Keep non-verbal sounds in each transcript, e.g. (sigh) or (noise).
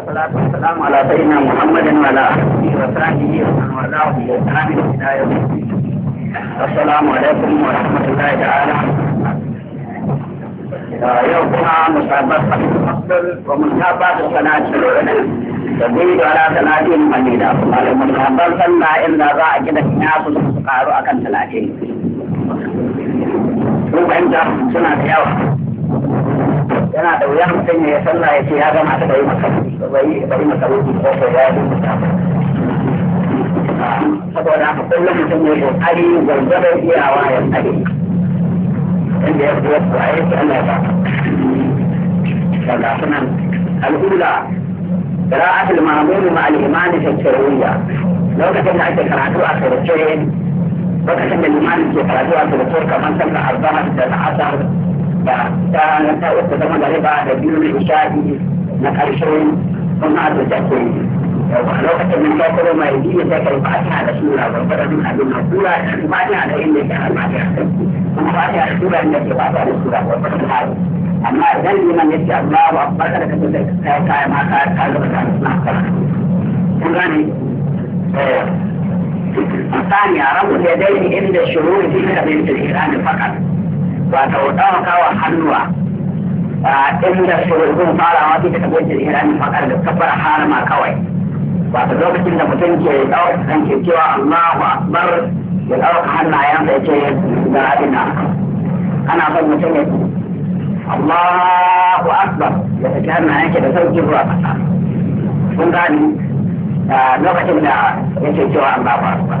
والصلاة والسلام على سيدنا محمد وعلى آله وصحبه ومن والاه بإحسان إلى يوم الدين السلام عليكم ورحمة الله تعالى آه، يومنا مسابقة الفصل ومسابقة صلاة العلم تزيد على ثلاثين قليلا المتقبل صلى إلا ضاع كده الناس وسقاروا أكل ثلاثين. Ruben dah sunat yawa. yana da wuya mutum ya sallah ya ce ya gama ta bai masarufi bai bai masarufi ko ko ya yi saboda haka kullum mutum ya kokari gwargwadon iyawa ya tsare inda ya kuwa kuwa ya ce Allah ya ba daga sunan al'ula قراءة المأمون مع الإمام في التروية لو كتبنا أنت قراءته أخرتين وكتبنا الإمام في قراءته أخرتين كمان تبقى أربعة عشر da ta na ta wata zama da riba da biyu na isha'i na ƙarshen kuma da ta ke lokacin nan ta kuma mai biyu ta kai fatiha da sura gwargwadon abin na sura da fatiha da inda ke almatiya kuma fatiha da sura inda ke fatiha da sura gwargwadon haru amma idan liman ya ce Allahu akbar kada ka tsaye ka kai ma ka ka zama da suna karatu kun gane الثانية ربط يديه عند الشروع في كتابة الإيران فقط ba ta wadawaka wa hannuwa a inda shirgun farawa take ta goce ihrami fakar da kafara harama kawai ba ta lokacin da mutum ke ɗaukar kan ke cewa Allahu akbar ya ɗauka hannayen da yake da ina ana son mutum ya Allahu akbar ya saki hannayen ke da sauki zuwa ƙasa kun gani lokacin da yake cewa Allahu akbar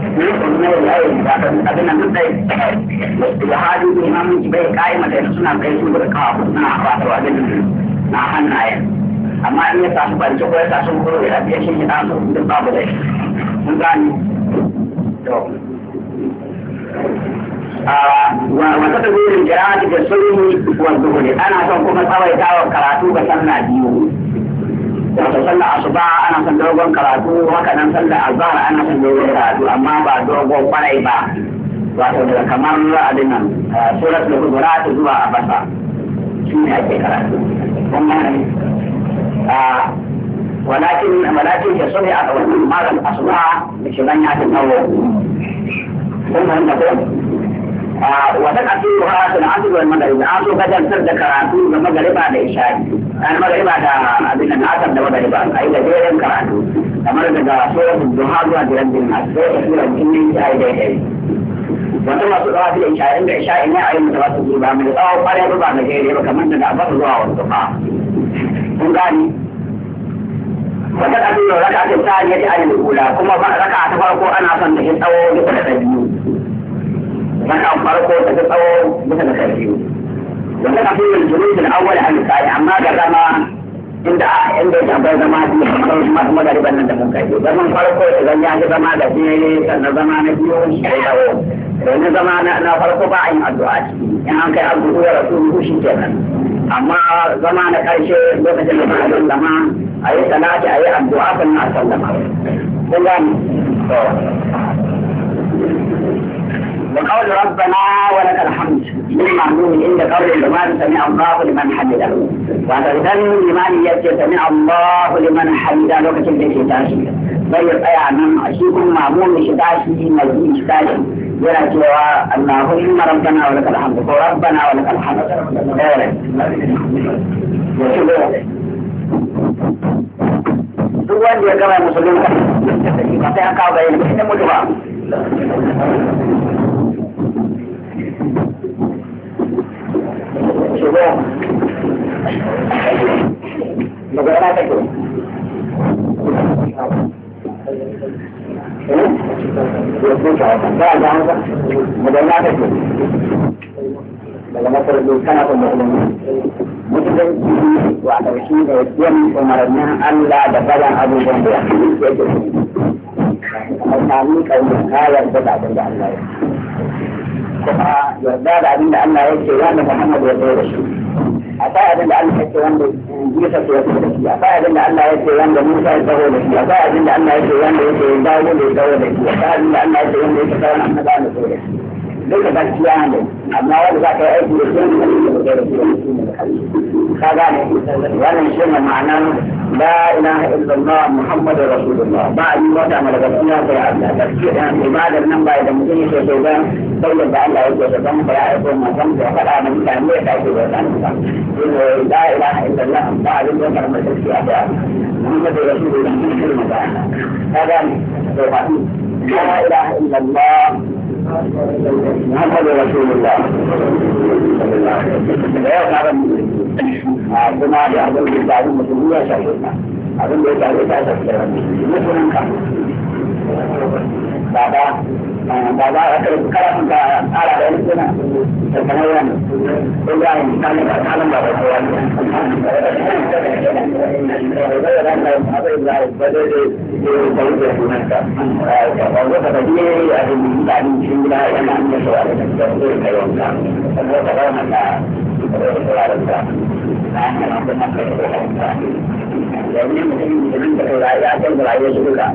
abin nan duk dai da hali bai kai mata suna kai su da kawo da na hannaye amma in ya ko ya ya biya shi ya babu dai mun gani to wata da da ana son kuma tsawaitawa karatu ga sallah biyu wato sallar asuba ana son dogon karatu haka nan sallar azhar ana son dogon karatu amma ba dogon kwarai ba wato daga kamar abin nan eh, surat da kudura ta zuwa basa shi ne ake karatu ولكن ولكن يصلي أول ما الأصبع بشبان يأتي النوم ثم نقول wata kasiru ha sun asu ga da an so sar da karatu ga ba da isha'i an ba da abin na asar da ba a yi da gajeren karatu kamar daga suratul duha zuwa jiran din nan sai da sura a yi daidai wata masu tsawa da isha'in da isha'in ne a yi mutawasu ba mai tsawo kwarai ba mai jere ba kamar daga abar zuwa wasu ba kun gani wata kasiru raka ta tsari ya ji yi kula kuma raka ta farko ana son da ya tsawo duka da ta biyu wannan farko ta ta tsawo bisa ga karfi wannan a fiye jirgin da awwal an misali amma ga zama inda inda ya bar zama biyu kamar masu magariban nan da mun kai zaman farko ta zan ya zama da shi sannan zama na biyu ya yawo wani zama na farko ba a yin addu'a ciki in an kai abu ya rasu shi kenan amma zama na karshe lokacin da ba sallama a yi salati a yi addu'a sannan a sallama kun gani وقول ربنا ولك الحمد من معلوم عند قول الايمان سمع الله لمن حمده الغنم الايمان يبكي سمع الله لمن حمده لو كتب لك بل يطيع من أشيكم معمول شتاشي مزيد شتاشي yana cewa Allahumma rabbana ربنا ولك الحمد ko ولك الحمد lakal hamd duk wanda ya shigo magana ta ke eh? ba da hanka magana ta ke daga masarar kana Allah da bayan abubuwan da ya ke a kuma yarda da abin da Allah ya ce wanda Muhammad ya zo da shi akwai abin da Allah ya ce wanda Isa ya zo da shi akwai abin da Allah ya ce wanda Musa ya zo da shi akwai abin da Allah ya ce wanda ya ce ya zo da shi abin da Allah ya ce wanda ya ce da shi duka gaskiya ne amma wanda za ka yi aiki da shi ka gane wannan shi ne ma'anan la ilaha illallah muhammadu rasulullah ba a yi wata mala gaskiya sai Allah gaskiya ibadar nan ba da mutum yake so ba sai da Allah yake so dan ba ya ko ma san da fada da mutane da ke da san ba la ilaha illallah ba a yi wata mala gaskiya sai Allah muhammadu rasulullah shi ne ma'ana ka gane to ba لا اله الا الله محمد رسول الله لا يقعد كما يعمل بعض المسلمين شهيدنا أظن ذلك هذا الكلام مثل baba baba akal karam da ala da yana da kamar yana ko ya yi kan da kalam da ba ya yi da ran da abai da ba da da da da sunan ka ba ba da da yi a da ni da ni shi da yana da shawara da da da yanka ko da ran da da da da يعني مثل مثل مثل لا يعتمد على يسوع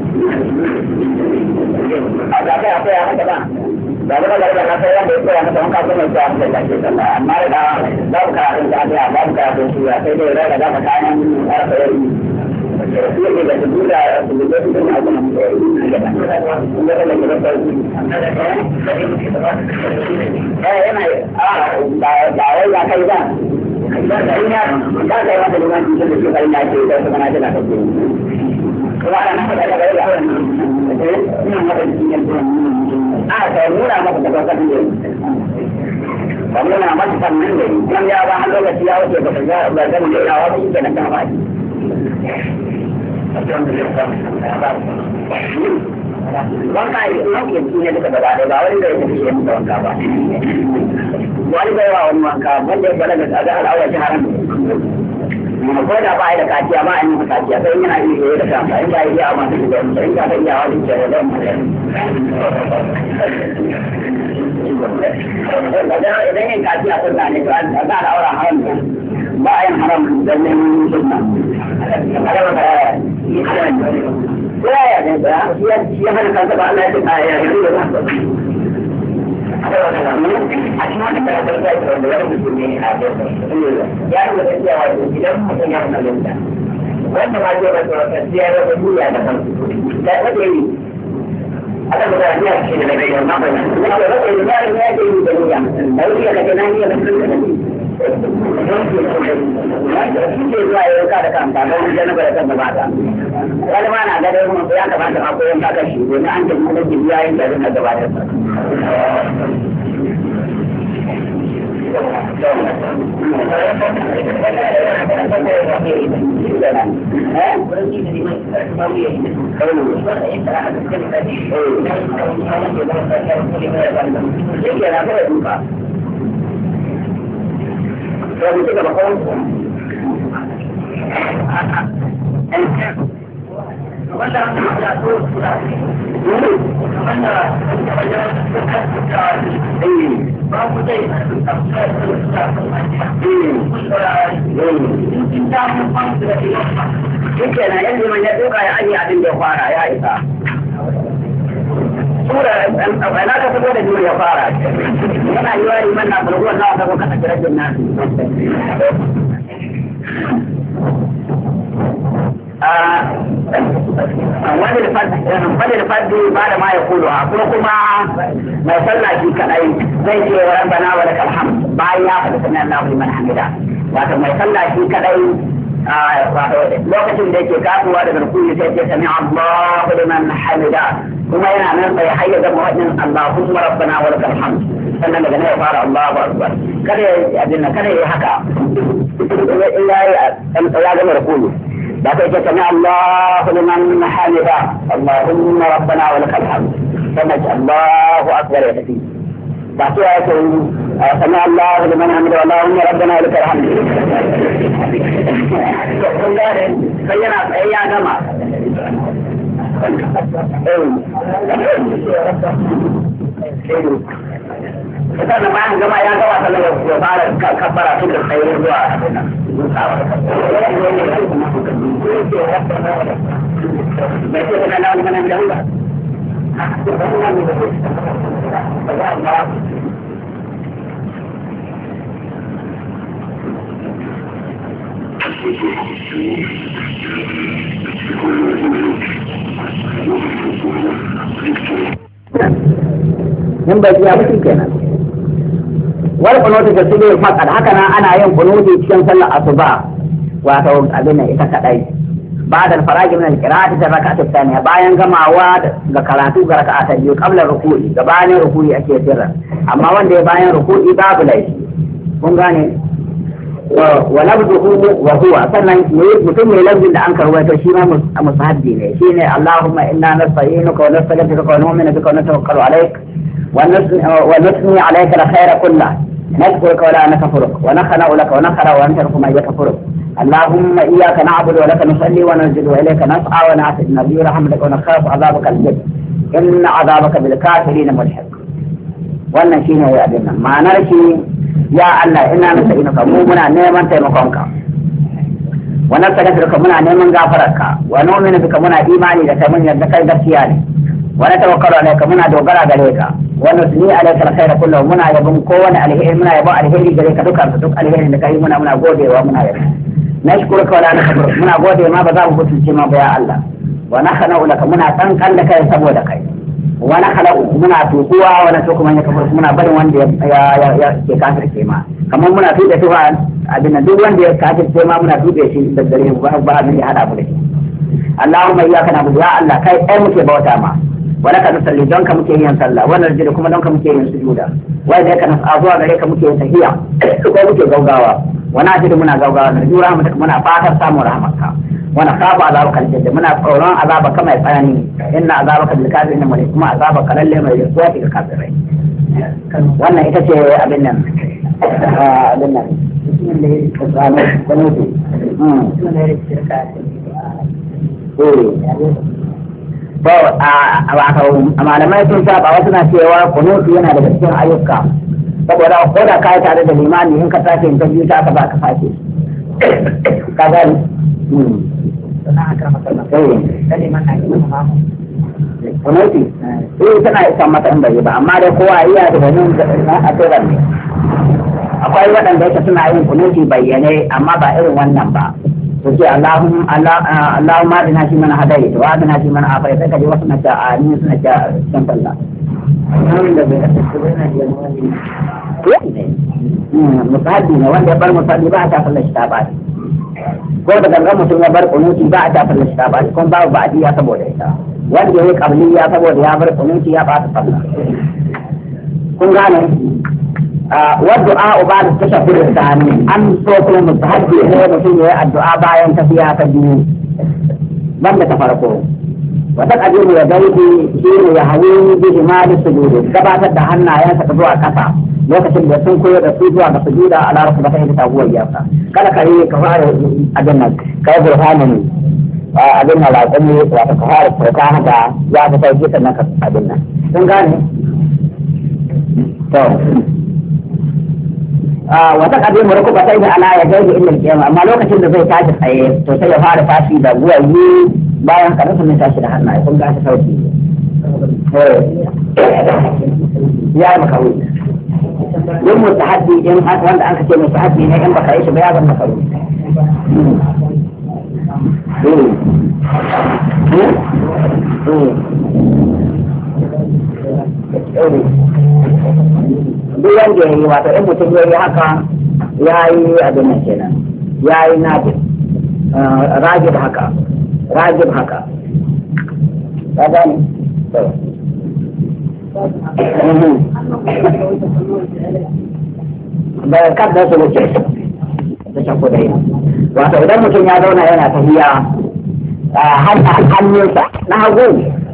a da kai akwai a haka ba da wani gari da kasar yadda ya koya masa wanka kuma ya koya masa ya sallah amma da babu karatun da aka yi babu karatun su ya sai dai rarra da makanan harfa yau su yake da su da su da su da abu nan da yana a ba wai ya kai ba in ya ba kai masa limanci da su kai na ke da su mana tana kake wala na a ta nuna maka daga kan yau ba wuce ba ka ba ba yi ba wani ba bai wa wani wanka wanda ya balaga a ga al'awar shi haram ko da ba da kaciya ba a yi masa kaciya sai yana yi da kansa in ba yi a masu da kansa in ba da iya wani da zan idan yin kaciya sun na ne to an ba da auren haram ba a yin haram don neman sunna ya ya ne da ya hana kansa ba Allah ya ce ya yi da a cikin wannan karatun ya yi wanda ya rubuta ne a ya rubuta cewa idan mutum ya musulunta wanda ma zai rasu rasu ya rasu duniya da kansu da kake yi akan mutane ya ce da bai yamma ba ne da rasu da ya yi da duniya da wuri ya kake na yi ya rasu da ne da shi ke zuwa ya yanka da kanta don wajen na bada kanta bata wani ma na gada yin ya kamata ma ko yanka kan shi domin an ce kuma ke biya yin garin na gabatar sa. Yake na kawai Yake na yanzu man ya duka ya ajiye abin da ya fara ya isa. Sura na ka sabo da juri ya fara. Yana yiwa liman na burguwar na wata kuka a jirgin nasu. wani da faddi ba da ma ya kudu a kuma kuma mai sallaci kadai zai ce wa rabbana wa lakal hamd bayan ya faɗi sanan Allahu liman hamida wato mai sallaci kadai lokacin da yake kasuwa daga rukuni sai ce sami Allahu liman hamida kuma yana nan sai hayya da mu'minin Allahumma rabbana wa lakal hamd sannan daga nan fara Allahu akbar kada ya abin kada ya haka in ya ya gama rukuni ba ka ita sami Allahu liman hamida Allahumma rabbana wa lakal hamd sannan Allahu akbar ya tafi ba sai ya ce sami Allahu liman hamida Allahumma rabbana wa lakal hamd kun gane sai yana tsaye ya gama sannan bayan gama ya gawa sannan ya fara kabbara tun da tsayin zuwa bai ce kana wani manan da hula Thank you. in ba ya mutum kenan wani kunuti da haka nan ana yin kunuti cikin sallar asuba wato abin nan ita kadai ba da faragi min da raka'a ta tsaniya bayan gamawa ga karatu ga raka'a ta biyu kamar ruku'i ga bayan ruku'i ake sirra amma wanda ya bayan rukuɗi babu laifi kun ولفظه وهو sannan mutum ya lafzin da an karwaito shi ma musahabbi ne shi ne Allahumma inna nasta'inuka wa nastaghfiruka wa nu'minu bika wa natawakkalu alayk wa nusni alayka al-khayra kullah نذكرك ولا نكفرك ونخلع لك ونخلع ونترك ما يكفرك اللهم اياك نعبد ولك نصلي ونسجد واليك نسعى ونعتد نبي رحمتك ونخاف عذابك الجد ان عذابك بالكافرين ملحق wannan shine ya abin nan ma'anar shi ya Allah ina nasa inuka mu muna neman taimakonka wa nastaghfiruka muna neman gafararka wa nu'minu bika muna imani da kai mun yarda kai gaskiya ne wa natawakkalu alayka muna dogara gare ka wa nusni alayka alkhayra kullahu muna yabun kowane alheri muna yabun alheri gare ka dukkan duk alheri da kai muna muna godewa muna yabo nashkuruka wa la nakfur muna gode ma ba za mu mutunce ma ba ya Allah wa nakhana laka muna tsankan da kai saboda kai wani halau muna tukuwa wani so kuma ya kafar muna barin wanda ya ke kafir ke ma kamar muna tuɗe tuwa abin nan duk wanda ya kafir ke ma muna tuɗe shi da gare mu ba abin ya hada mu da shi Allahumma iyyaka na'budu ya Allah kai ɗaya muke bauta ma wani ka nusalli don ka muke yin sallah wani rajul kuma don ka muke yin sujuda wai da ka nasu zuwa gare ka muke yin tahiya (coughs) ko muke gaugawa wani asiru muna gaugawa na jura muna fatar samun rahamarka wani kafa azaba kalce da muna tsoron azaba kama mai tsanani inna azaba ka bilkafi mai kuma azaba ka lalle mai rikuwa daga kafirai wannan ita ce abin nan abin nan a malamai sun saba wasu na cewa kunutu yana daga cikin ayyuka saboda ko da ka yi tare da limani in ka sake in ta biyu ta ka ba ka sake ka gani hmm. sana a kama sallah eh. sai man na kuma mamu gwamnati eh tana isa mata in bai ba amma dai kowa iya da wani na a tsirar ne akwai waɗanda yake suna yin kunuti bayyane amma ba irin wannan ba kace Allahumma Allahumma adina shi man hadai wa adina shi man afai sai kaje wasu na ta amin suna ta san Allah musalli ne wanda ya bar musalli ba a ta fallar shi ta ba ko da gangan mutum ya bar kunuti ba a ta fallar shi ta ba kuma babu ba'diya saboda ita wanda ya yi qabliya saboda ya bar kunuti ya ba ta fallar kun gane والدعاء بعد التشهد الثاني أن صوت المستحب هو مسيح الدعاء باين تفيها تجميل من تفرقوا وتقدم يديه حين يهوي بهما للسجود gabatar da hannayensa ta zuwa lokacin da sun koyar da su zuwa ga sujuda a larabci ba ta yi ta kada ka yi ka fara abin nan kai burhanin ah, abin nan ka fara haka ya sauki sannan ka abin nan sun gane Ah, wata mu maraku ba sai da ala ya gaji inda ke amma lokacin da zai tashi tsaye to sai ya fara tashi da guwaye bayan kaɗan mai tashi da hannaye kun shi sauki eh. ya yi makaru yin mutahaddi in wanda an kace mutahaddi ne in baka yi shi ba ya zan makaru Mm. Hmm. Hmm. duk wanda ya yi wato in mutum ya yi haka ya yi abin nan kenan ya yi najib rajib haka rajib haka ka gane da kada su wuce da shakku da yi wato idan mutum ya zauna yana tafiya hannunsa na hagu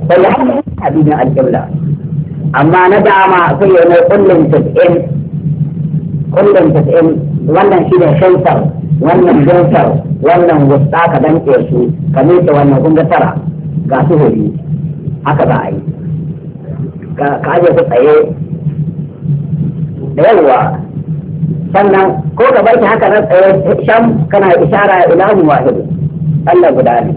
bai hana abin alƙibla amma na dama sai ya mai kullum tas'in kullum tas'in wannan shi ne shansar wannan jansar wannan wusta ka danke su ka miƙe wannan kun tara ga su hori haka za a yi ka aje su tsaye da yawa sannan ko ka bar haka na tsaye sham kana ishara ilahun wahidu Allah guda ne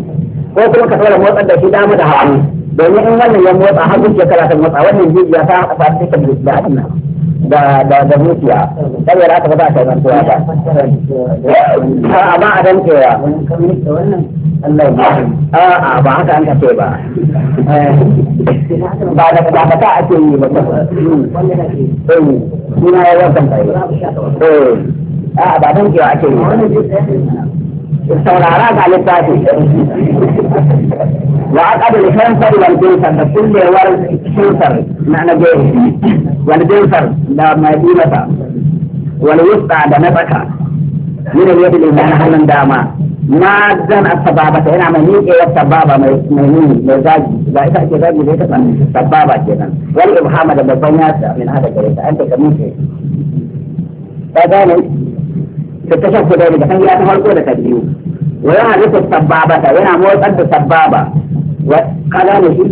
ko kuma ka tsara motsar da shi dama da hawa domin in wannan ya motsa har zuciya kala ta motsa wannan jijiya ta a ta da hannu da da da zuciya ba ta ba amma a dan a ba haka an ka ce ba ba da ba ta ake yi ba eh ya ta eh a ba dan ake yi saurara ga littafi wa aka da shansar wal binsar da kullewar shansar na nagari wal binsar da mai dinata wal wusta da na tsaka yana yadda da yana hannun dama na zan a sababa ta yana mai miƙe wa sababa mai nuni mai zagi ba ita ake zagi da ita san sababa kenan wani ibhama da babban yasa min hada gare ta an ta kamin ta gane التشهد daga kan ya ta farko da ta biyu wa yana rufe sababata yana motsar da sababa wa kaza ne shi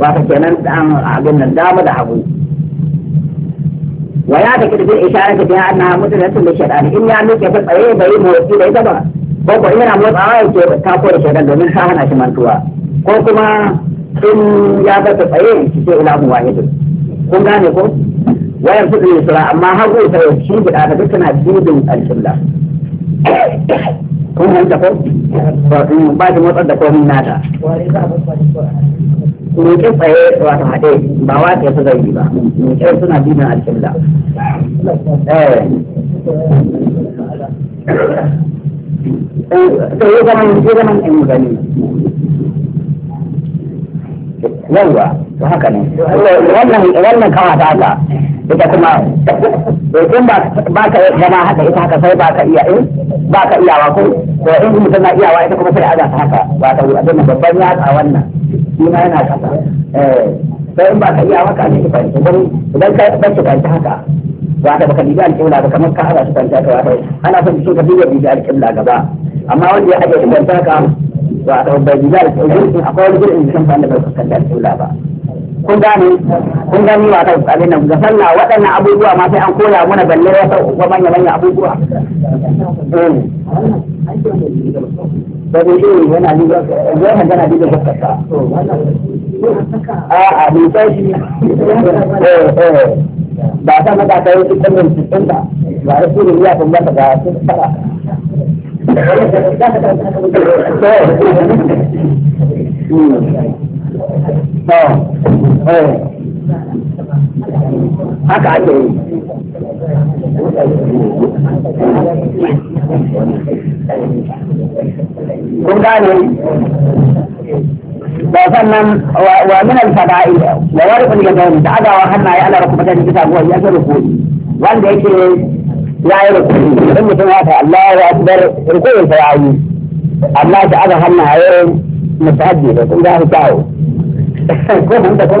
wa ta kenan dan abin nan dama da hagu wa ya ta kirbi isharar ta anna mutun da shaytan in ya nuke ta tsaye bai motsi da ita ba ko ko yana motsawa yake ta ko da shaytan domin ka hana shi mantuwa ko kuma in ya ga ta tsaye shi sai ilahu wahid kun gane ko wayan su ne sura amma hagu ta yau shi da ta tana dudun alƙibla kun hanta ko ba ta motsar da komin nata roƙe tsaye wata haɗe ba wa ta zai yi ba roƙe suna dudun alƙibla to yi zaman yi zaman in gani yawwa to haka ne wannan wannan kawa ta haka ita kuma in ba ka zama haka ita haka sai ba ka iya in ba ka iyawa ko to in mutum na iyawa ita kuma sai aga ta haka ba ta abin babban ya a wannan shi ma yana kasa eh, sai in ba ka iyawa ka ne ka idan idan ka bace ka haka wata baka bibi alƙibla ba kamar ka haɗa su kwanta ka wata ana son cikin ka bibi bibi alƙibla gaba amma wanda ya ajiye kwanta ka wata bai bibi alƙibla akwai wani gurin da kan fa'anda bai fuskanta alƙibla ba kun gane kun gani ba kai abin nan ga sallah waɗannan abubuwa ma sai an koya mana balle wata ko manya manya abubuwa da eh. dai yana ni ga ga magana da ga ba maka kai da ba ya haka ake yi kun gane da sannan wa min al-fada'i wa warqul yadayn da adawa hannaye ana rukubatan kisa ko ya ga rukuni wanda yake ya yi rukuni idan mutum ya ta Allahu akbar rukunin sa yayi amma da adawa hannaye mutahabbi da kun ga kawo ko mun da ko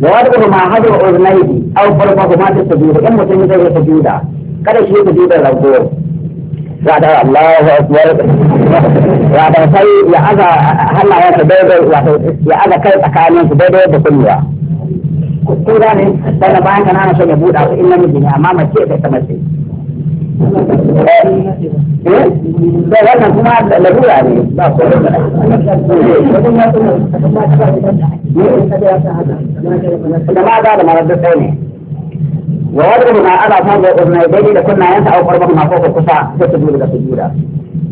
da wani ma hadu aw ta in mutum zai yi kada shi ya ya da Allahu akbar ya da sai ya ya kai tsakanin su daidai da kunya ko da ne bayan kana so ya buɗa su in namiji ne amma mace ta mace da wannan kuma lalura ne ba ko da ma da da marar da sai ne wa wadda ma ala san da urna dai da kunna yanta au qarba ma ko kusa da sujuda da sujuda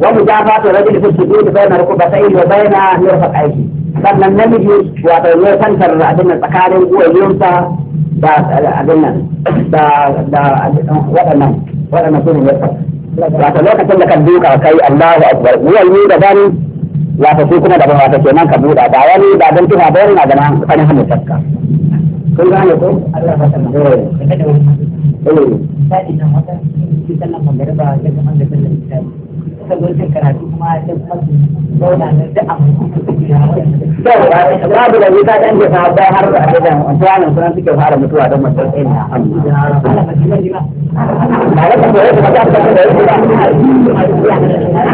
wa mujafatu rajul fi sujuda bayna rukbatayhi wa bayna mirfaqayhi sannan namiji wato ne tantar abin nan tsakanin guwayensa da abin nan da da waɗannan waɗannan su ne yasa. Wata lokacin da ka duka kai Allahu Akbar, wuyan ni da bani wata su kuma daban wata kenan ka buɗa ba wani ba don tuna ba wani na gana kanin hannun shakka kun gane ko Allah ka san eh eh sai da wata shi sallan ya da sallan isha'i suka zo karatu kuma da kuma su zauna na da da babu da wuta da har da abidan suke fara mutuwa don mutum na amma ba da ka koyi da ta da ba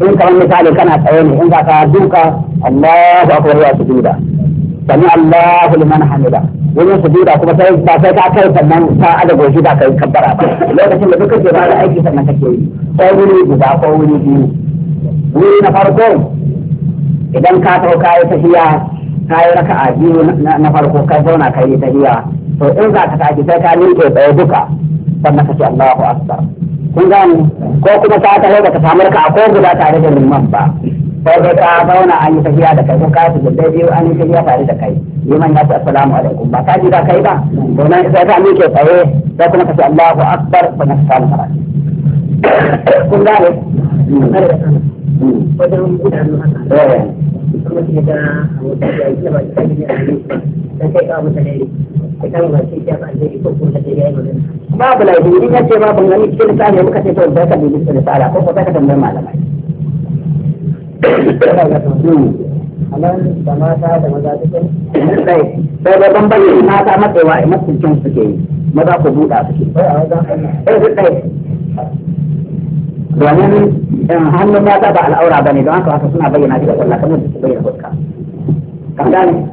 in kamar misali kana tsaye ne in za ka duka Allahu akbar ya sujuda sami Allahu liman hamida wajen sujuda kuma sai ba sai ka kai sannan ka ada goshi da kai kabbara ba lokacin da duka ke ba da aiki sannan kake yi sai wuri guda ko wuri biyu wuri na farko idan ka tau kayi tahiya kayi raka'a biyu na farko ka zauna kayi tahiya to in za ka tashi sai ka miƙe tsaye duka sannan ka ce Allahu Akbar kun gane ko kuma ta taho baka samu ka a ko guda tare da liman ba ko dai ta zauna an yi tafiya da kai ko ka su guda biyu an yi tafiya tare da kai liman ya ce assalamu alaikum ba ka ji da kai ba to nan sai ka miƙe tsaye sai kuma ka ce Allahu Akbar ba na ka samu karatu kun gane wajen eh. gudanar haka kuma shi da a wata yayi yi da ka mutane ku ta ba shi ya ba zai ko kun da ya yi babu laifi in ya ce ban wani cikin tsari muka ce to da ka bi cikin tsara ko ko ta ka tambaye malamai da mata da maza cikin sai sai da bambare mata matsewa a eh, masjidin suke yi maza ku buɗa suke sai a wajen eh, sai eh, hannun mata ba al'aura bane don haka haka suna bayyana shi da sallah kamar da su bayyana fuska kan gane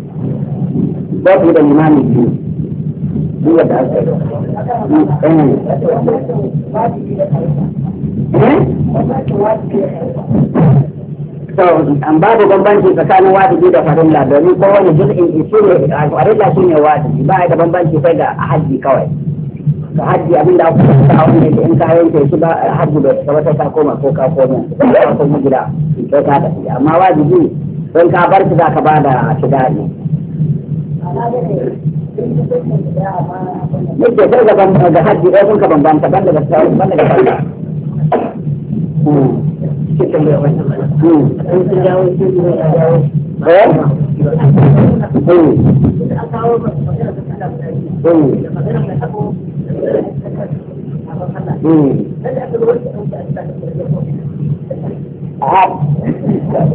ba su da imani biyu duk wanda aka yi eh? an da bambanci tsakanin wajibi da farilla domin kowane juz'in shi ne farilla shi ne wajibi ba a yi da bambanci sai da hajji kawai ka hajji abin da aka sa wani da in ka yanke shi ba hajji da ka wata ta koma ko ka koma ko ka koma gida ko ka tafi amma wajibi don ka bar shi za ka ba da shida ne Yake sai ga ga hajji ɗaya sun ka bambanta ban daga sauran ban daga sauran.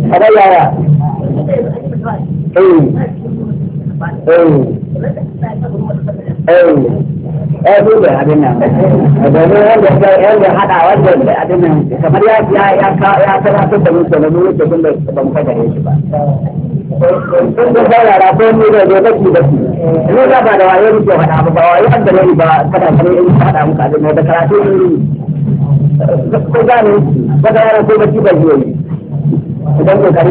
Kamar yaya? Eh. Eh. Eh. eh, eh dole abin nan domin eh, eh, hada abin nan kamar ya ya ya ya da da da ba mu shi ba da saurara ko ni da baki baki ni da ba da ni ke hada ba da ni ba kada in hada da da karatu ko ba da ko baki baki idan ko kare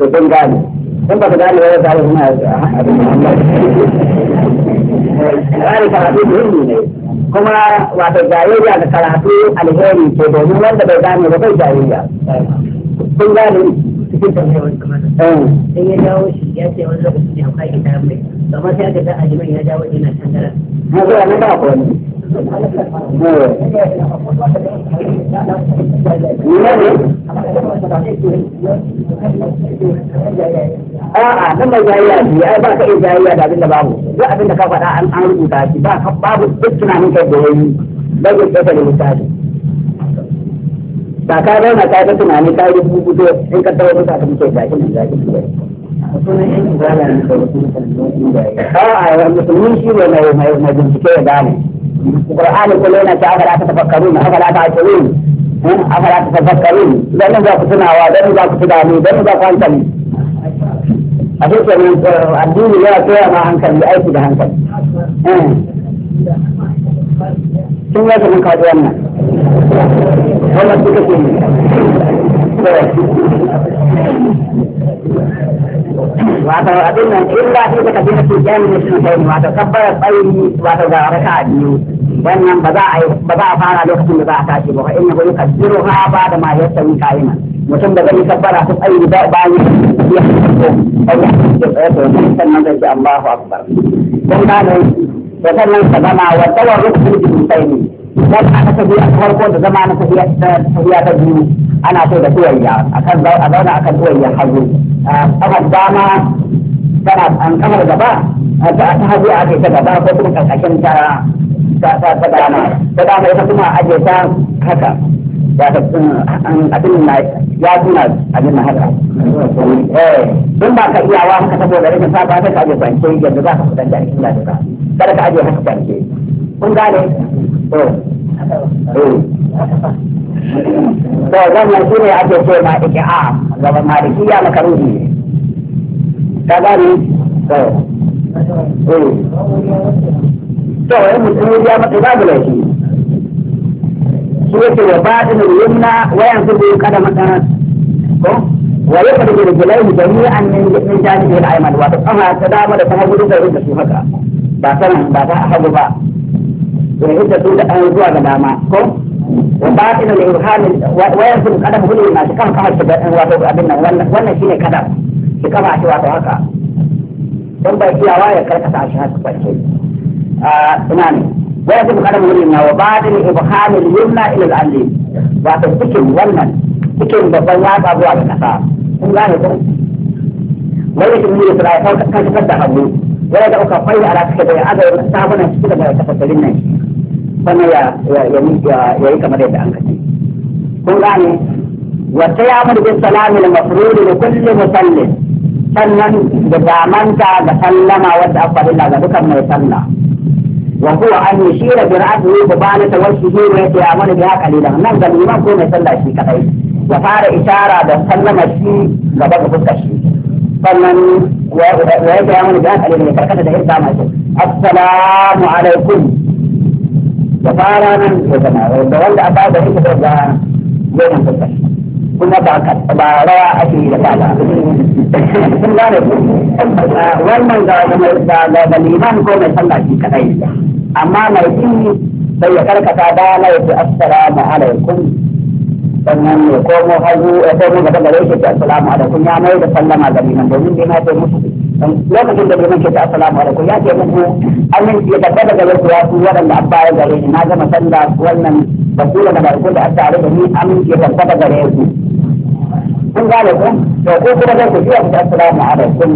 to don gane ba gane wani abin tsari karatu muhimmi ne kuma wato jayayya da karatu alheri ke domin wanda bai gane ba bai jayayya kun gane cikin tambayar wani kamar da eh. ya dawo shi ya ce wani lokaci ne akwai gida mai kamar sai aka a jimin ya dawo ina tangara na zuwa na ba kwani A'a, nan ba jayayya ce, ai ba ka iya jayayya da abinda babu, duk abinda ka faɗa an an rubuta shi ba ka babu duk tunanin kai da yayi, ba zai tsaye da misali. Ba ka zauna ka ta tunani ka rubuto in ka tawo ka ta muke gashi nan gashi nan. a'a musulmin shi ne mai bincike ya gane qur'ani kullu yana ta afala ta tafakkarun afala ta ajrun afala ta tafakkarun dan za ku tunawa dan za ku tunani dan za ku hankali a cikin addini ya koya ma hankali aiki da hankali sun yi mun kawo wannan wannan suka ce wato abin nan in ba su da kabila ke jami da shi kai wato kabbarar tsayi wato ga raka biyu wannan ba za a yi, ba za a fara lokacin da za a tashi ba in ko ka jiro ha ba da ma ya tsayi kai ma. mutum da zai kabbara ko tsayi ba ba ya ya ko Allah ya tsaya to sannan da Allahu akbar dan da ne da sannan sabana wa tawarruku bi tsayi zama na tafiya ta farko da zama na tafiya ta biyu ana so da tuwayya akan a zauna akan tuwayya hagu kafar dama tana an kamar gaba ta ta hagu a ta gaba ko kuma karkashin ta ta dama ta dama ita kuma a aje ta haka ya ta mm, abin na ya tuna abin na haka eh, don ba ka iyawa haka saboda rashin saba ta ka aje kwance yadda za ka fitar da illa da ka kada ka aje haka kwance kun gane to to wannan shi ne ake ce ma ike a gaban ya makaruhi ne ta gani to to wani mutum ya ba babu laifi shi yake da batin yumna wayan su biyu kada matsaran ko wa yaka da rijlaihi jami'an min min janibi al-ayman wa ta ta dama da kuma gudu da rubuta su haka ba sanan ba ta hagu ba ويعد سوء أنزوا قداما كم ويرسل قدم شكام أبنا وانا شيني شكام ya ina wani kuma kada na wa badin ibhamil yumna ila al-ali wato cikin wannan cikin babban yatsa zuwa ga gane ko wani kuma da kan da hagu ولا ده كفاية على كده هذا تعبنا كده ما يتفضلنا فما يا يا يا يا كما ده عنك كون يعني وسيعمل بالسلام المفروض لكل مسلم sannan da damanta da sallama wadda aka faɗi ga dukkan mai sallah wa huwa an yashira bi ra'sihi bi bani tawajjuhi wa yata'amalu biha qalilan nan ga liman ko mai sallah shi kadai ya fara isara da sallama shi gaba ga fuskar shi فمن ما السلام عليكم وقال من يتنا ويتولى بعد ذلك فوزان يوم الفتح كنا بعد بعد أشي لكالا ثم نقول والمن قال من الإيمان كون يصلى في كتير أما ما يتيني فيكرك تعالى السلام عليكم sannan ya komo hagu ya komo gaba gare shi ta assalamu alaikum ya mai da sallama ga liman domin bai ma ce musu lokacin da liman ke ta assalamu alaikum ya ce muku amin ya tabbata daga gare ya su waɗanda an baya gare ni na gama sallah wannan basira da barko da aka da ni amin ya tabbata daga gare su kun gane ku to ko kuma zai ku ji ta assalamu alaikum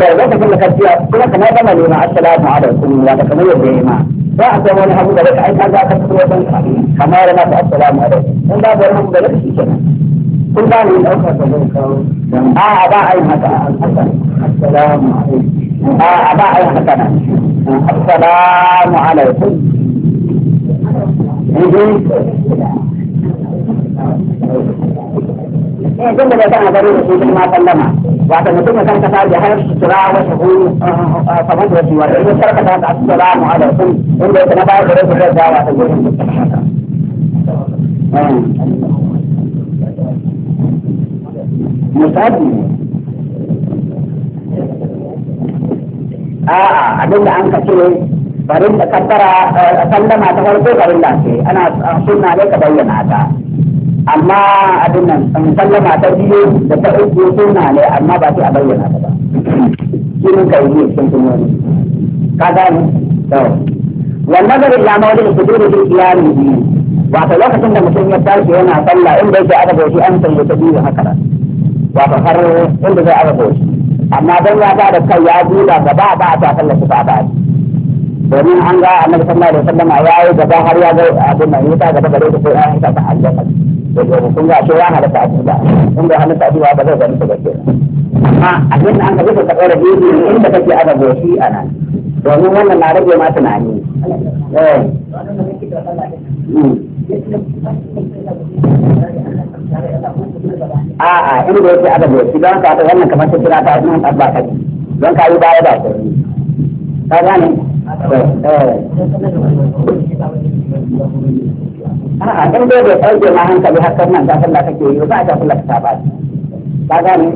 to lokacin da ka ji kuma kana gama liman assalamu alaikum ya da kamar yadda ya ma ba a san wani abu da bai aika za ka fito wajen kamar na ta assalamu alaikum in ba da wani da shi kenan kun ba ni daukar da zan kawo a a ba a yi haka a a a yi haka na assalamu alaikum Eh, a gari wato mutum ya karkata da har sutura wa shahuru kamar da shi wato ya karkata da assalamu alaikum inda yake na bayar da rashin rarra wato gurin musabi a'a abin an ka barin da kaddara sallama ta farko barin da ana sunna ne ka bayyana ta amma abin nan an sallama ta biyu da ta uku suna ne amma ba sai a bayyana ta ba shi kai ne cikin sunnoni ka gane to wannan da ya su dole kudu ya kiyami biyu wato lokacin da mutum ya tashi yana sallah inda yake aka goshi an ya ta biyu haka nan wato har inda zai aka goshi amma dan ya ba da kai ya buɗa gaba ba a ta sallah su ba ba domin an ga annabi sallallahu alaihi wasallam ya yi gaba har ya ga abin nan ya ta gaba gare ta sai ya ta ta aljanna da yau kun ga ce ya halatta a duba in bai halatta a ba zai gani ba ke amma abin da an ka zuba tsakar da bibi inda kake ana goshi a nan domin wannan na rage ma tunani a'a in yake ana goshi don ka ta wannan kamar ta kira ta nan ba ka don ka yi baya ba ka gane a'a dan dai da ɗauke ma hankali har hakan nan ta sallah kake yi ba ta sallah ta ba ka gane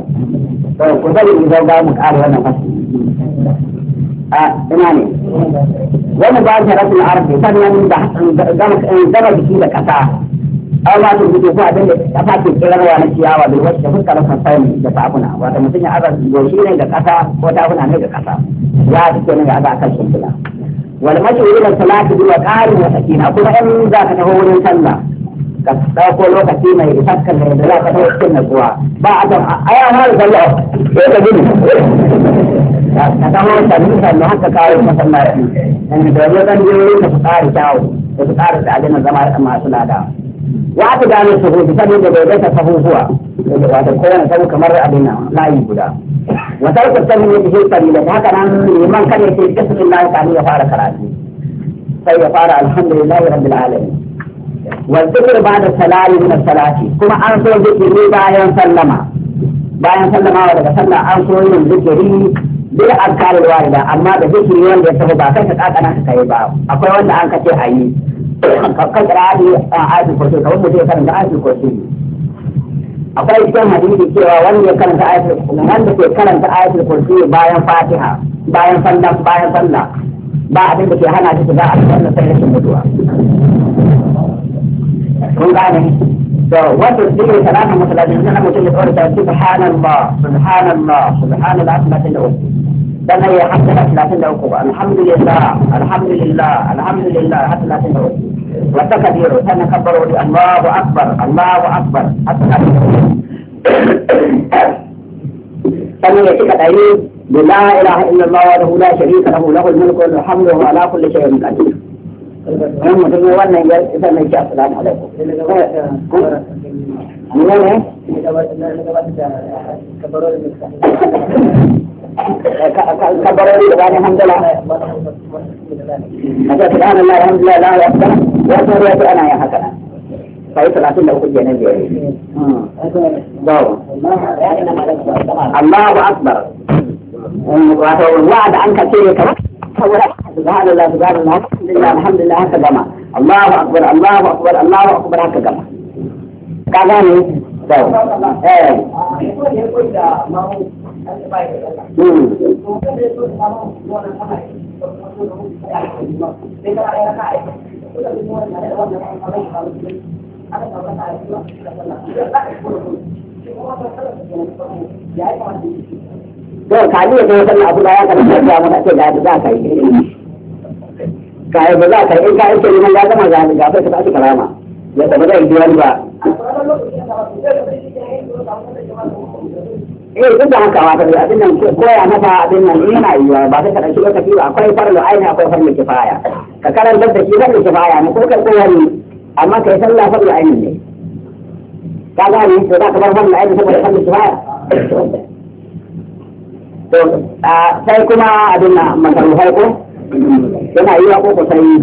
to ku bari mu zauga mu ƙara wannan fashi a ina ne wani ba shi rasul arzi sannan da gama jiki da ƙasa an ma su fito ko abin da ta fake kirarwa na ciyawa da wacce fuska na sassai da tafuna wata mutum ya aza goshi ne ga kasa ko tafuna ne ga kasa ya fito ne ga aza kan shimfila wal mashhuri da salatu bi ƙarin wa sakina kuma in za ka tafi wurin sallah ka dauko lokaci mai isakkan da yadda za ka tafi cikin natsuwa ba a ga aya har sallah sai ka gudu ka taho sannu sannu haka kawo masallaci in da yau dan je wurin ka fara kyawu da su ƙara da na zama masu lada wata gane sahuhu saboda bai gasa sahuhuwa wato kowane sahu kamar abin layi guda wata rukun sahu ne bihin sabila ta haka nan liman kada ya ce bismillah kani ya fara karatu sai ya fara alhamdulillahi rabbil alamin wa zikr ba'da salati min salati kuma an so zikiri bayan sallama bayan sallama daga sallah an so yin zikiri bil azkar al amma da zikiri wanda ya tafi ba kai ka kakana nan kai ba akwai wanda an kace ayi kakkar ali a ayatul kursi kamar mutum ya karanta ayatul kursi akwai cikin hadisi cewa wanda ya karanta ayatul wanda ke karanta ayatul kursi bayan fatiha bayan sallah bayan sallah ba abin da ke hana shi shiga aljanna sai rashin mutuwa kun gane to wanda zikri salatu musallatin nan mutum ya tsora ta subhanallah subhanallah subhanallah asmatin da wasu dan ya hatta 33 alhamdulillah alhamdulillah alhamdulillah hatta 33 والتكبير كان كبروا لي الله أكبر الله أكبر التكبير سمي شيخ لا إله إلا الله وحده لا شريك له له الملك وله الحمد وهو على كل شيء قدير هم تقول وانا اذا ما جاء السلام عليكم كبروا وقال الحمد لله أجل سبحان الله الحمد لله لا يحسن وأسمى يأتي أنا يا حسن فإيش العسل لو كنت ينبي الله أكبر وعد عنك كثير كمان سبحان الله سبحان الله الحمد لله الحمد لله هكذا الله أكبر الله أكبر الله أكبر هكذا كذا ne? Sau. Eh. to ka ne da wannan abu da ya karanta da mu ce da za ka yi ka ba za ka yi in ka yi ke neman ya zama zalunga sai ka ta karama ya tabbata yi ba eh duk da haka wata da abin nan koya masa abin nan yana yiwa ba sai ka dauki lokaci ba akwai farlo aini akwai farlo kifaya ka karanta da shi farlo kifaya ne ko kai koya ne amma kai sallah farlo aini ne ka gane to za ka bar farlo aini saboda farlo kifaya to sai kuma abin nan masarufai ko yana yiwa ko ko sai